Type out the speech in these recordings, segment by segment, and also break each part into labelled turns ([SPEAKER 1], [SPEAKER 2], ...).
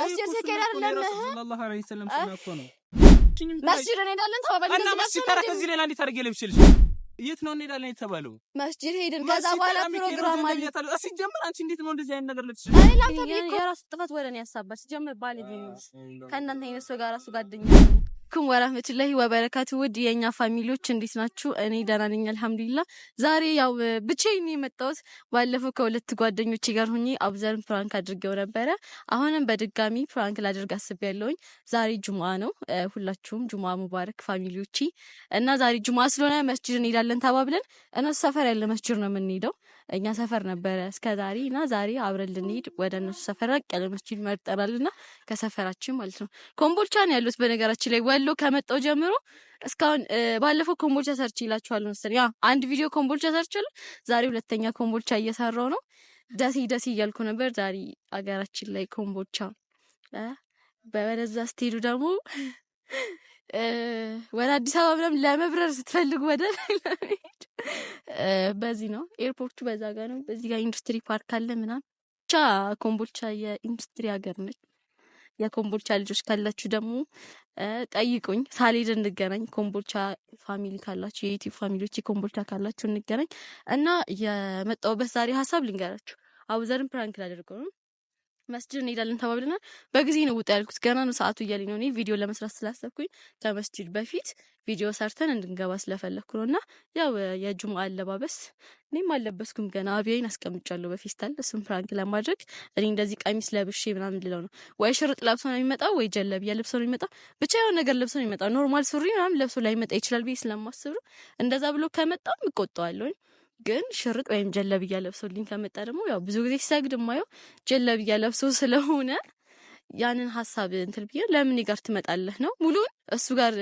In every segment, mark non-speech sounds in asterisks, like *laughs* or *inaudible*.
[SPEAKER 1] መስጅድ ስትሄድ አይደለም
[SPEAKER 2] ሰለላሁ ዐለይሂ ወሰለም እኮ ነው።
[SPEAKER 1] መስጅድ እንሄዳለን
[SPEAKER 2] ተባባልን። እና መስጅድ ታዲያ ከዚህ ሌላ እንዴት አድርጌ የት ነው እንሄዳለን የተባለው? ሄድን። ከዛ በኋላ ፕሮግራም አለ ሲጀምር። አንቺ እንዴት ነው እንደዚህ አይነት ነገር ልትሽ?
[SPEAKER 1] የራሱ ጥፋት ወደ እኔ ያሳባል ሲጀምር። ባል ከእናንተ አይነት ሰው ጋር እራሱ ጓደኛ አለይኩም ወራህመቱላሂ ወበረካቱ ውድ የኛ ፋሚሊዎች እንዴት ናችሁ? እኔ ደህና ነኝ አልሐምዱሊላህ። ዛሬ ያው ብቻዬን የመጣሁት ባለፈው ከሁለት ጓደኞቼ ጋር ሆኜ አብዘርን ፕራንክ አድርጌው ነበረ። አሁንም በድጋሚ ፕራንክ ላደርግ አስቤያለሁኝ። ዛሬ ጁሙአ ነው። ሁላችሁም ጁሙአ ሙባረክ ፋሚሊዎቼ እና ዛሬ ጁሙአ ስለሆነ መስጂድ እንሄዳለን ተባብለን እነሱ ሰፈር ያለ መስጂድ ነው የምንሄደው። እኛ ሰፈር ነበረ እስከ ዛሬ እና ዛሬ አብረን ልንሄድ ወደ እነሱ ሰፈር ራቅ ያለ መስጂድ መርጠናል እና ከሰፈራችን ማለት ነው። ኮምቦልቻ ነው ያሉት በነገራችን ላይ ወሎ ከመጣው ጀምሮ እስካሁን ባለፈው ኮምቦልቻ ሰርች ይላችኋል መሰለኝ። ያ አንድ ቪዲዮ ኮምቦልቻ ሰርችል ዛሬ ሁለተኛ ኮምቦልቻ እየሰራው ነው። ደሴ ደሴ እያልኩ ነበር። ዛሬ አገራችን ላይ ኮምቦልቻ፣ በበለዛ ስትሄዱ ደግሞ ወደ አዲስ አበባ ምናምን ለመብረር ስትፈልጉ ወደ ላይ ለመሄድ በዚህ ነው። ኤርፖርቱ በዛ ጋር ነው። በዚህ ጋር ኢንዱስትሪ ፓርክ አለ ምናምን። ብቻ ኮምቦልቻ የኢንዱስትሪ ሀገር ነች። የኮምቦልቻ ልጆች ካላችሁ ደግሞ ጠይቁኝ፣ ሳልሄድ እንገናኝ። ኮምቦልቻ ፋሚሊ ካላችሁ የዩቲዩብ ፋሚሊዎች የኮምቦልቻ ካላችሁ እንገናኝ እና የመጣሁበት ዛሬ ሀሳብ ልንገራችሁ። አቡዘርን ፕራንክ ላደርገው ነው መስጅድ እንሄዳለን ተባብለናል። በጊዜ ነው ውጣ ያልኩት። ገና ነው ሰዓቱ እያለኝ ነው። እኔ ቪዲዮ ለመስራት ስላሰብኩኝ ከመስጅድ በፊት ቪዲዮ ሰርተን እንድንገባ ስለፈለግኩ ነው። እና ያው የጁማ አለባበስ እኔም አለበስኩም። ገና አብያይን አስቀምጫለሁ በፌስታል እሱም ፕራንክ ለማድረግ እኔ እንደዚህ ቀሚስ ለብሼ ምናምን ልለው ነው። ወይ ሽርጥ ለብሶ ነው የሚመጣው፣ ወይ ጀለብያ ለብሶ ነው የሚመጣው። ብቻ የሆነ ነገር ለብሶ ነው የሚመጣው። ኖርማል ሱሪ ምናምን ለብሶ ላይመጣ ይችላል ብዬ ስለማስብ ነው። እንደዛ ብሎ ከመጣም እቆጠዋለሁኝ። ግን ሽርጥ ወይም ጀለብያ ለብሶልኝ ከመጣ ደግሞ ያው ብዙ ጊዜ ሲሰግድ ማየው ጀለብያ ለብሶ *laughs* ስለሆነ ያንን ሀሳብ እንትል ብዬ ለምን ጋር ትመጣለህ ነው ሙሉን እሱ ጋር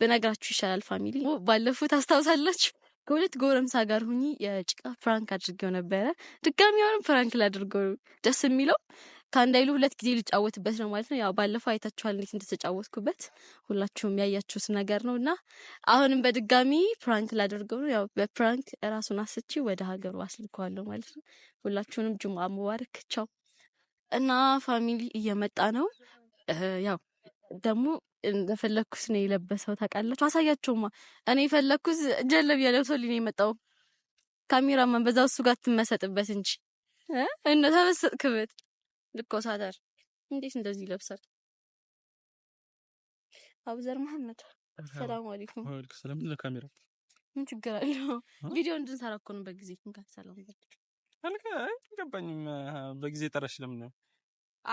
[SPEAKER 1] በነገራችሁ ይሻላል። ፋሚሊ ባለፉት አስታውሳላችሁ ከሁለት ጎረምሳ ጋር ሁኚ የጭቃ ፍራንክ አድርጌው ነበረ። ድጋሚ ሆንም ፍራንክ ላድርገው ደስ የሚለው ከአንዳይሉ ሁለት ጊዜ ልጫወትበት ነው ማለት ነው። ያው ባለፈው አይታችኋል እንዴት እንደተጫወትኩበት ሁላችሁም ያያችሁት ነገር ነው እና አሁንም በድጋሚ ፕራንክ ላደርገው ነው። ያው በፕራንክ ራሱን አስቺ ወደ ሀገሩ አስልከዋለሁ ማለት ነው። ሁላችሁንም ጁምአ ሙባረክ ቻው። እና ፋሚሊ እየመጣ ነው ያው ደግሞ እንደፈለግኩት ነው የለበሰው። ታውቃላችሁ፣ አሳያቸውማ እኔ የፈለግኩት ጀለብ የለብሶልኝ ነው የመጣው። ካሜራማን በዛው እሱ ጋር ትመሰጥበት እንጂ ተመሰጥክበት። ልኮሳታል። እንዴት እንደዚህ ይለብሳል? አብዘር መሐመድ ሰላም አለይኩም።
[SPEAKER 2] ወልክ ሰላም ለካሜራ
[SPEAKER 1] ምን ችግር አለው? ቪዲዮ እንድንሰራ እኮ ነው። በጊዜ እንካ ሰላም
[SPEAKER 2] አልከ አይገባኝም። በጊዜ ጠረሽ ለምን ነው?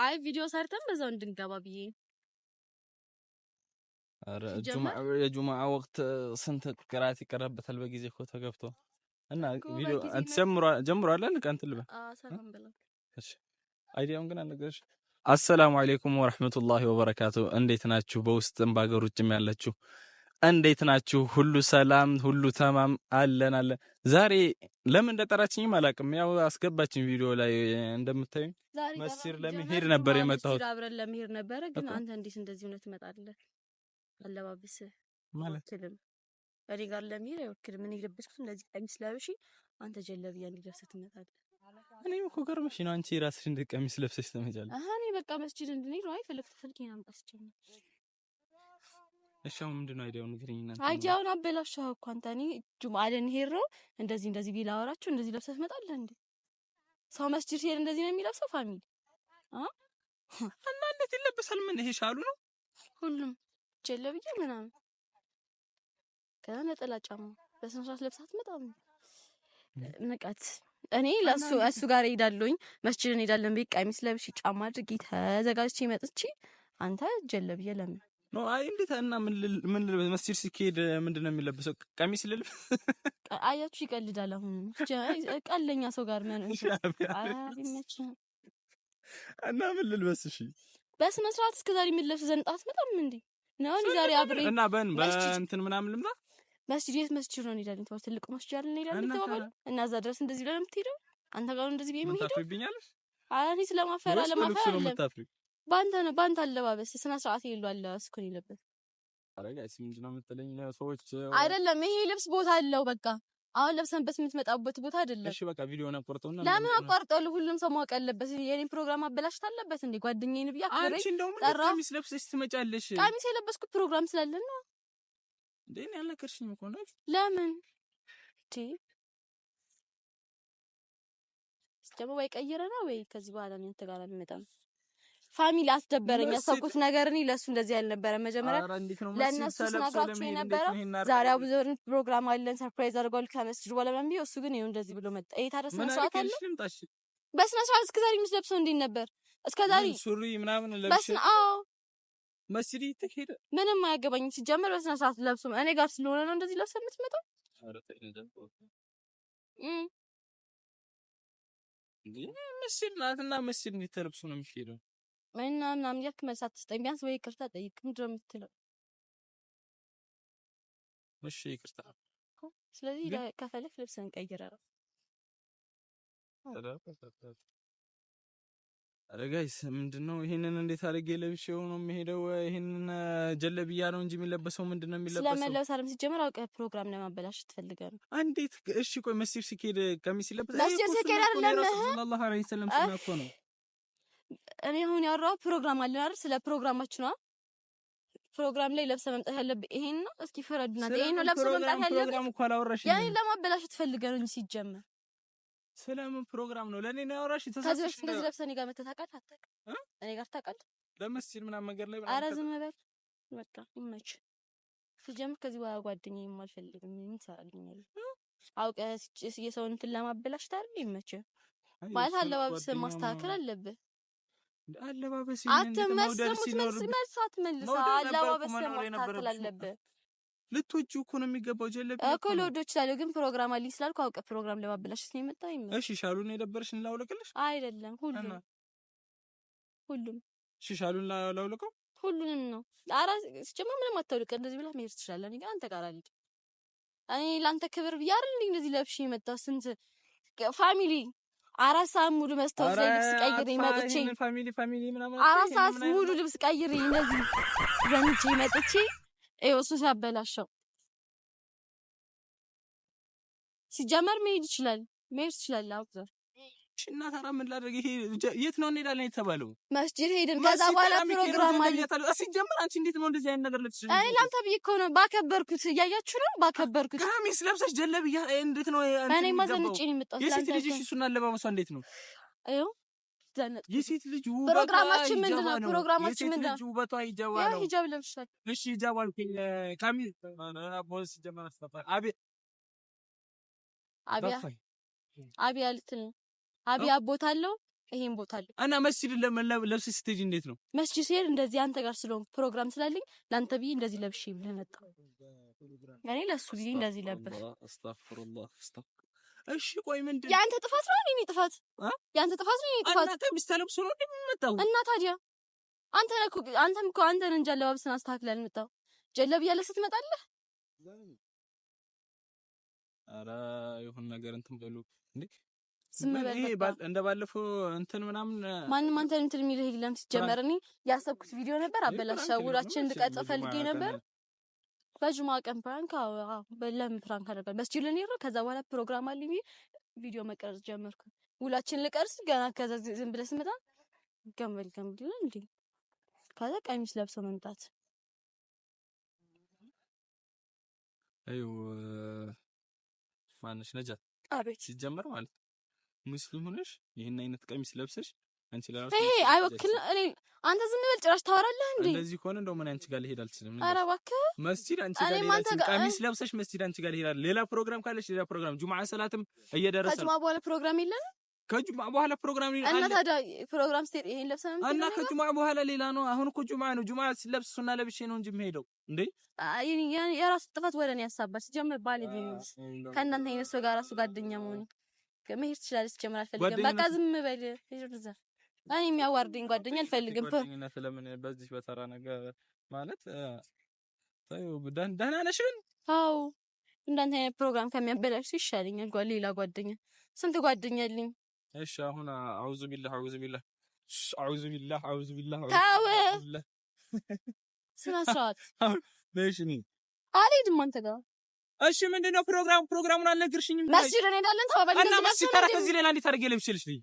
[SPEAKER 1] አይ ቪዲዮ ሰርተን በዛው እንድንገባ ብዬ።
[SPEAKER 2] አረ የጁማዓ ወቅት ስንት ቅራት ይቀረበታል? በጊዜ እኮ ተገብቶ እና ቪዲዮ ጀምሯል። አንተ ልበ ሰላም በላ እሺ አይዲያውን ግን አልነገረሽ። አሰላሙ አለይኩም ወረህመቱላሂ ወበረካቱ። እንዴት ናችሁ? በውስጥም በሀገር ውጭም ያላችሁ እንዴት ናችሁ? ሁሉ ሰላም፣ ሁሉ ተማም አለን አለን። ዛሬ ለምን እንደጠራችኝም አላውቅም። ያው አስገባችኝ ቪዲዮ ላይ እንደምታዩኝ
[SPEAKER 1] መስር ለመሄድ ነበር የመጣሁት። አብረን ለመሄድ ነበረ፣ ግን አንተ እንዴት እንደዚህ እውነት ትመጣለህ? አለባበስህ ማለት እኔ ጋር ለመሄድ አይወክልም። እኔ የለበስኩት እንደዚህ ቀሚስ ለብሼ አንተ ጀለብያ እንዲለብሰህ ትመጣለህ
[SPEAKER 2] እኔም እኮ ገርመሽ ነው። አንቺ ራስሽ እንደ ቀሚስ ለብሰሽ ተመጫለሽ።
[SPEAKER 1] አሃ እኔ በቃ መስጂድ እንድንሄድ ነው። አይ ፍልክ ፍልክ ይናም ቀስቸኝ።
[SPEAKER 2] እሺ አሁን ምንድን ነው አይዲያው? ንገረኝና።
[SPEAKER 1] አይዲያውን አበላሽው እኮ አንተ። እኔ ጁምአ ልንሄድ ነው እንደዚህ እንደዚህ ቢላ አወራችሁ እንደዚህ ለብሰህ ትመጣለህ እንዴ? ሰው መስጂድ ሲሄድ እንደዚህ ነው የሚለብሰው? ፋሚሊ አ
[SPEAKER 2] እና እንዴት ይለበሳል? ምን ይሄ ሻሉ ነው
[SPEAKER 1] ሁሉም ጀለብዬ ምናምን ከዛ ነጠላ ጫማ በስነ ስርዓት ለብሳት መጣም ንቀት እኔ ለሱ እሱ ጋር ሄዳለሁኝ መስጅድ ሄዳለን። ቤት ቀሚስ ለብሽ ጫማ አድርጊ ተዘጋጅቼ መጥቼ አንተ ጀለብዬ ለምን
[SPEAKER 2] ኖ አይ እንዴት እና ምን መስጅድ ሲካሄድ ምንድን ነው የሚለብሰው? ቀሚስ ልልብ
[SPEAKER 1] አያችሁ፣ ይቀልዳል። አሁን ቀለኛ ሰው ጋር ምን
[SPEAKER 2] እና ምን ልልበስ? እሺ
[SPEAKER 1] በስነ ስርዓት እስከ ዛሬ የምንለብስ ዘንጣት በጣም እንዴ ነው ዛሬ
[SPEAKER 2] አብሬ እና በን በእንትን ምናምን ልምጣ
[SPEAKER 1] መስጅድ የት መስጅድ ነው እንሄዳለን ተባለ። ትልቁ መስጅድ አለ እንሄዳለን ተባለ እና እዛ ድረስ እንደዚህ ብለን የምትሄደው አንተ ጋር እንደዚህ ብዬ
[SPEAKER 2] የምሄደው
[SPEAKER 1] አይ ስለማፈር
[SPEAKER 2] አለማፈር አለ
[SPEAKER 1] በአንተ ነው በአንተ አለባበስ ስነ ስርዓት የለው አለባበስኩን ሰዎች አይደለም። ይሄ ልብስ ቦታ አለው። በቃ አሁን ለብሰንበት የምትመጣበት ቦታ አይደለም።
[SPEAKER 2] እሺ በቃ ቪዲዮውን አቋርጠውና
[SPEAKER 1] ለምን አቋርጠው? ሁሉም ሰው ማወቅ አለበት። የኔን ፕሮግራም አበላሽት አለበት እንዴ? ጓደኛዬን ብዬሽ
[SPEAKER 2] አክብሬ ጠራሁ። ቀሚስ ለብሰሽ ትመጫለሽ።
[SPEAKER 1] ቀሚስ የለበስኩት ፕሮግራም ስላለ ነው።
[SPEAKER 2] እንዴ ያለከርሽኝ እኮ ነው።
[SPEAKER 1] ለምን እቲ ደግሞ ወይ ቀይረና ወይ ከዚህ በኋላ ምን ተጋራ የሚመጣም ፋሚሊ አስደበረኝ። ያሰብኩት ነገር እኔ ለሱ እንደዚህ ያልነበረ መጀመሪያ ለእነሱ ስናግራችሁ የነበረው ዛሬ አብዞርን ፕሮግራም አለን ሰርፕራይዝ አድርጓል ከመስጅድ በኋላ ምንም ቢሆን እሱ ግን ይኸው እንደዚህ ብሎ መጣ። ይሄ ታዲያ ስነ ስርዓት አለ። በስነ ስርዓት እስከ ዛሬ የምትለብሰው እንዴት ነበር? እስከ ዛሬ
[SPEAKER 2] ሱሪ ምናምን
[SPEAKER 1] ለብሽ? በስነ አዎ
[SPEAKER 2] መስሪ ተሄደ
[SPEAKER 1] ምንም አያገባኝም። ሲጀምር በስነ ስርዓት ለብሶ እኔ ጋር ስለሆነ ነው እንደዚህ ለብሰ የምትመጣው።
[SPEAKER 2] ምስል ናትና ምስል እንዴት ተለብሶ ነው የሚሄደው?
[SPEAKER 1] እና ምናምን እያልክ መልስ አትስጠኝ። ቢያንስ ወይ ይቅርታ ጠይቅ። ምንድን ነው የምትለው? እሺ ይቅርታ። ስለዚህ ከፈለክ
[SPEAKER 2] አረጋይስ ነው ይህንን እንዴት አድርጌ ለብሼው ነው የሚሄደው? ይሄንን ጀለብያ ነው እንጂ የሚለበሰው ምንድነው የሚለበሰው?
[SPEAKER 1] ስለመለበስ አይደለም። ሲጀመር አውቀ ፕሮግራም ለማበላሽ ትፈልጋለህ።
[SPEAKER 2] እንዴት? እሺ ቆይ መስጂድ ሲኬድ ቀሚስ ይለበስ?
[SPEAKER 1] መስጂድ ሲኬድ አይደለም ሰለላሁ ዐለይሂ ወሰለም ስለ እኮ ነው። እኔ አሁን ያወራሁት ፕሮግራም አለን አይደል? ስለ ፕሮግራማችን ነው። ፕሮግራም ላይ ለብሰ መምጣት ያለብህ ይሄን ነው። እስኪ ፍረዱና፣ ይሄን ነው ለብሰ መምጣት ያለብህ። ያኔ ለማበላሽ ትፈልጋለህ እንጂ ሲጀመር
[SPEAKER 2] ስለምን ፕሮግራም ነው? ለእኔ ነው ያወራሽ?
[SPEAKER 1] ተሳስሽ ነው ለብሰህ እኔ ጋር መተህ ታውቃለህ? አታውቅም? እኔ ጋር ታውቃለህ?
[SPEAKER 2] ለመስጂድ ምናምን መንገድ ላይ
[SPEAKER 1] ኧረ ዝም በል በቃ ይመችህ። ሲጀምር ከዚህ በኋላ ጓደኛዬም አልፈልግም። ምን ትሰራልኛለህ? አውቀህ የሰውን እንትን ለማበላሽት አይደል? ይመችህ። ማለት አለባበስህን ማስተካከል አለብህ። አለባበስ ይሄን እንደማውደር ሲኖር አትመልስ። አለባበስህን ማስተካከል አለብህ።
[SPEAKER 2] ልትወጪ እኮ ነው የሚገባው። ጀለብ
[SPEAKER 1] እኮ ልወደው እችላለሁ፣ ግን ፕሮግራም አለኝ ስላልኩ አውቀ ፕሮግራም ለማበላሸት ነው የመጣ
[SPEAKER 2] ይመስል። እሺ ሻሉን የደበረሽን ላውለቅልሽ?
[SPEAKER 1] አይደለም ሁሉም ሁሉም።
[SPEAKER 2] እሺ ሻሉን ላውለቀው?
[SPEAKER 1] ሁሉንም ነው። ኧረ ስጀምር ምንም አታውልቅ፣ እንደዚህ ብላ መሄድ ትችላለህ። ግን አንተ ጋር አልሄድም። እኔ ለአንተ ክብር ብዬ አይደል እንዴ እንደዚህ ለብሼ የመጣሁ ስንት ፋሚሊ አራት ሰዓት ሙሉ መስታወት ላይ ልብስ ቀይሬ መጥቼ
[SPEAKER 2] ፋሚሊ ፋሚሊ
[SPEAKER 1] ምናምን አራት ሰዓት ሙሉ ልብስ ቀይሬ እንደዚህ ዘንጬ መጥቼ ይኸው ሲያበላሸው ሲጀመር መሄድ ይችላል መሄድ ይችላል። አብዘር
[SPEAKER 2] እና ታራ ምን ላድርግ? ይሄ የት ነው እንሄዳለን የተባለው?
[SPEAKER 1] መስጂድ ሄድን።
[SPEAKER 2] ከዛ በኋላ ፕሮግራም አለ ሲጀመር። አንቺ እንዴት ነው እንደዚህ አይነት ነገር ልትችል?
[SPEAKER 1] እኔ ላንተ ብዬ እኮ ነው ባከበርኩት። እያያችሁ ነው ባከበርኩት።
[SPEAKER 2] ቀሚስ ለብሰሽ ጀለብ እንዴት ነው?
[SPEAKER 1] እኔ ማዘንጬ ነው የመጣሁት።
[SPEAKER 2] የሴት ልጅ እሱና አለባበሷ እንዴት ነው?
[SPEAKER 1] ይኸው ያስደነቅ
[SPEAKER 2] የሴት ልጅ ውበቷ
[SPEAKER 1] ፕሮግራማችን ምንድን ነው?
[SPEAKER 2] ፕሮግራማችን ምንድን ነው? ልጅ ውበቷ ሂጃብ
[SPEAKER 1] ነው። ሂጃብ ለብሻል።
[SPEAKER 2] እሺ ሂጃብ አልኩኝ። ካሚል ቦስ ጀመር አስተፋ አቢ
[SPEAKER 1] አቢያ አቢያ ልትል ነው። አቢያ ቦታ አለው ይሄን ቦታ አለው
[SPEAKER 2] እና መስጂድ ለብስ ስቴጅ እንዴት ነው?
[SPEAKER 1] መስጂድ ሲሄድ እንደዚህ አንተ ጋር ስለሆን ፕሮግራም ስላለኝ ለአንተ ብዬ እንደዚህ ለብሼ ብለህ መጣ። እኔ ለእሱ ብዬ እንደዚህ ለብስ
[SPEAKER 2] እሺ ቆይ ምንድን
[SPEAKER 1] የአንተ ጥፋት ነው? እኔ ጥፋት የአንተ ጥፋት ነው? እኔ ጥፋት
[SPEAKER 2] አንተ ምስተለብሶ ነው
[SPEAKER 1] እንደምመጣው እና ታዲያ አንተ ነህ እኮ አንተም እኮ አንተ ነህ እንጂ አለባበስን አስተካክለህ ጀለብ እያለ ስትመጣለህ።
[SPEAKER 2] ኧረ የሆነ ነገር እንትን በሉ እንዴ ዝም በል። ይሄ እንደ ባለፈው እንትን ምናምን
[SPEAKER 1] ማንም አንተን እንትን የሚልህ የለም። ሲጀመር እኔ ያሰብኩት ቪዲዮ ነበር አበላሽ። ውላችን ልቀጥፍ ፈልጌ ነበር በጁማ ቀን ፕራንክ ለምን ፕራንክ አደርጋለሁ? መስጂድ ልንሄድ ነው። ከዛ በኋላ ፕሮግራም አለኝ ቪዲዮ መቀረጽ ጀመርኩ። ውላችን ልቀርስ ገና ከዛ ዝም ብለህ ስመጣ ገንበል ገንበል እንዴ ከዛ ቀሚስ ለብሶ መምጣት
[SPEAKER 2] አይው ማነሽ ነጃት አቤት ሲጀመር ማለት ሙስሊም ሆነሽ ይህን አይነት ቀሚስ ለብሰሽ አንቺ
[SPEAKER 1] ለራሱ ይሄ አይወክልም። እኔ አንተ ዝም ብል ጭራሽ ታወራለህ እንዴ?
[SPEAKER 2] እንደዚህ ከሆነ እንደው ምን አንቺ ጋር ልሄድ አልችልም። ኧረ እባክህ መስጂድ፣ አንቺ ጋር ልሄድ ቀሚስ ለብሰሽ መስጂድ፣ አንቺ ጋር ልሄድ። ሌላ ፕሮግራም ካለሽ ሌላ ፕሮግራም፣ ጁማዓ ሰላትም
[SPEAKER 1] እየደረሰ ከጁምዓ በኋላ ፕሮግራም የለንም።
[SPEAKER 2] ከጁማዓ በኋላ ፕሮግራም ይላል
[SPEAKER 1] እና ታዲያ ፕሮግራም ስትሄድ ይሄን ለብሰህ
[SPEAKER 2] ነው እና ከጁምዓ በኋላ ሌላ ነው። አሁን እኮ ጁማዓ ነው። ጁማዓ ሲለብስ ሱና ለብሼ ነው እንጂ የምሄደው እንዴ።
[SPEAKER 1] አይ የራሱ ጥፋት ወደ እኔ ያሳባል። ሲጀምር ቢሆን ከእናንተ አይነት ሰው ጋር ራሱ ጓደኛ መሆን መሄድ ትችላለህ። ሲጀምር አልፈልግም። በቃ ዝም በል እኔ የሚያዋርደኝ ጓደኛ አልፈልግም።
[SPEAKER 2] ስለምን በዚህ በተራ ነገር ማለት ደህና ነሽ ግን?
[SPEAKER 1] አዎ እንዳንተ አይነት ፕሮግራም ከሚያበላሽ ይሻለኛል ሌላ ጓደኛ። ስንት ጓደኛ አለኝ።
[SPEAKER 2] እሺ አሁን አውዙ ቢላህ አውዙ ቢላህ አውዙ ቢላህ አውዙ ቢላህ
[SPEAKER 1] ታው ስራ ሰዓት በሽኒ አልሄድም አንተ ጋር
[SPEAKER 2] እሺ ምንድነው ፕሮግራም ፕሮግራሙን አልነግርሽኝም።
[SPEAKER 1] መስጂድ እንሄዳለን
[SPEAKER 2] ተባባልን እና መስጂድ ታዲያ ከዚህ ሌላ እንዴት አድርጌ ልብሽልሽ ልኝ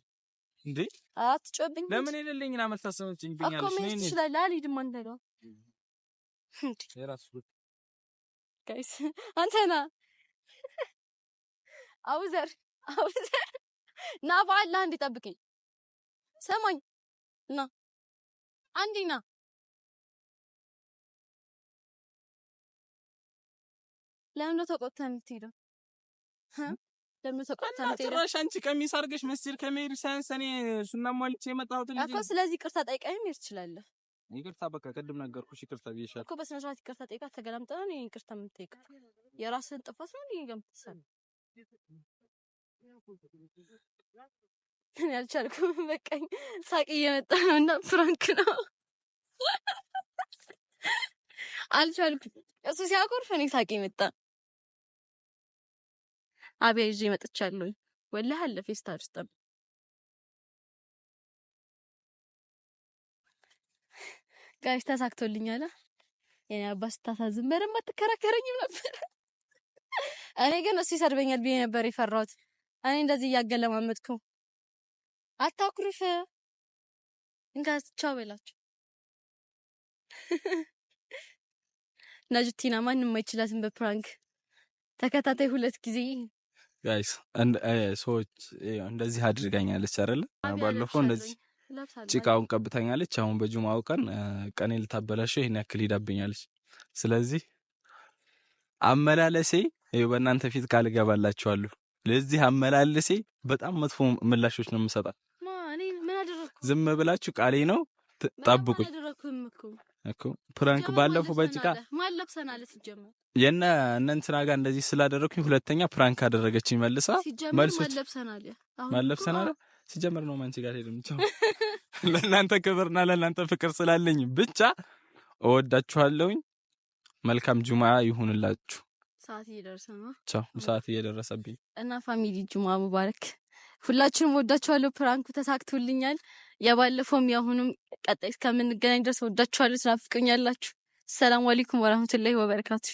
[SPEAKER 2] እንዴ አትጮብኝ። ለምን የሌለኝን አመልታሰብን
[SPEAKER 1] ጭንብኛለሽ ነው እንዴ? ይችላል አልሄድም። የራስ ጋይስ አውዘር አውዘር ና በአላህ አንዴ ጠብቀኝ። ሰማኝ ና አንዴ ና ለምን የምትሄደው? ለምንሰጣጭራሽ
[SPEAKER 2] አንቺ ቀሚስ አድርገሽ መስጂድ ከመሄድ እኔ ሱና ሟልቼ የመጣሁት
[SPEAKER 1] እኮ። ስለዚህ ይቅርታ ጠይቀኝ መሄድ ትችላለህ።
[SPEAKER 2] ይቅርታ በቃ ቅድም ነገርኩሽ፣ ይቅርታ ብዬሻለሁ
[SPEAKER 1] እኮ። በስነ ስርዓት ይቅርታ ነው ይቅርታ የምትጠይቀው? የራስህን ጥፋት ነው እኔ አልቻልኩም፣ *laughs* በቃኝ። ሳቅ እየመጣ ነው እና ፍራንክ ነው *laughs* አልቻልኩም። እሱ ሲያኮርፍ እኔ ሳቅ ይመጣ አብያ ይዤ መጥቻለሁ። ወላሂ አለ ፌስታ ውስጥ ጋሽ ተሳክቶልኛል። የኔ አባት ስታሳዝን በደንብ አትከራከረኝም ነበር። እኔ ግን እሱ ይሰድበኛል ብዬ ነበር የፈራሁት። እኔ እንደዚህ እያገለማመጥኩ አታኩርፍ እንጋስ ቻው በላቸው። ናጁቲና ማንም አይችላትም በፕራንክ ተከታታይ ሁለት ጊዜ
[SPEAKER 2] ጋይስ ሰዎች እንደዚህ አድርጋኛለች አይደለ? ባለፈው እንደዚህ ጭቃውን ቀብታኛለች። አሁን በጁማው ቀን ቀኔ ልታበላሸው ይህን ያክል ሂዳብኛለች። ስለዚህ አመላለሴ ይኸው በእናንተ ፊት ቃል እገባላችኋለሁ። ለዚህ አመላለሴ በጣም መጥፎ ምላሾች ነው የምሰጣት። ዝም ብላችሁ ቃሌ ነው ጠብቁኝ። እኮ ፕራንክ ባለፈው በጭቃ
[SPEAKER 1] ማለብሰናል ሲጀመር
[SPEAKER 2] የነ እነ እንትና ጋር እንደዚህ ስላደረኩኝ ሁለተኛ ፕራንክ አደረገችኝ መልሳ መልሱ ማለብሰናል ሲጀመር ነው ማንቺ ጋር ሄድም ቻው ለእናንተ ክብርና ለእናንተ ፍቅር ስላለኝ ብቻ እወዳችኋለሁኝ መልካም ጁማ ይሁንላችሁ
[SPEAKER 1] ሰዓት እየደረሰ ነው
[SPEAKER 2] ቻው ሰዓት እየደረሰብኝ
[SPEAKER 1] እና ፋሚሊ ጁማ ሙባረክ ሁላችሁንም ወዳችኋለሁ ፕራንኩ ተሳክቶልኛል የባለፈውም የአሁኑም ቀጣይ እስከምንገናኝ ድረስ ወዳችኋለሁ። ትናፍቁኛላችሁ። ሰላም አለይኩም ወራህመቱላሂ ወበረካቱ።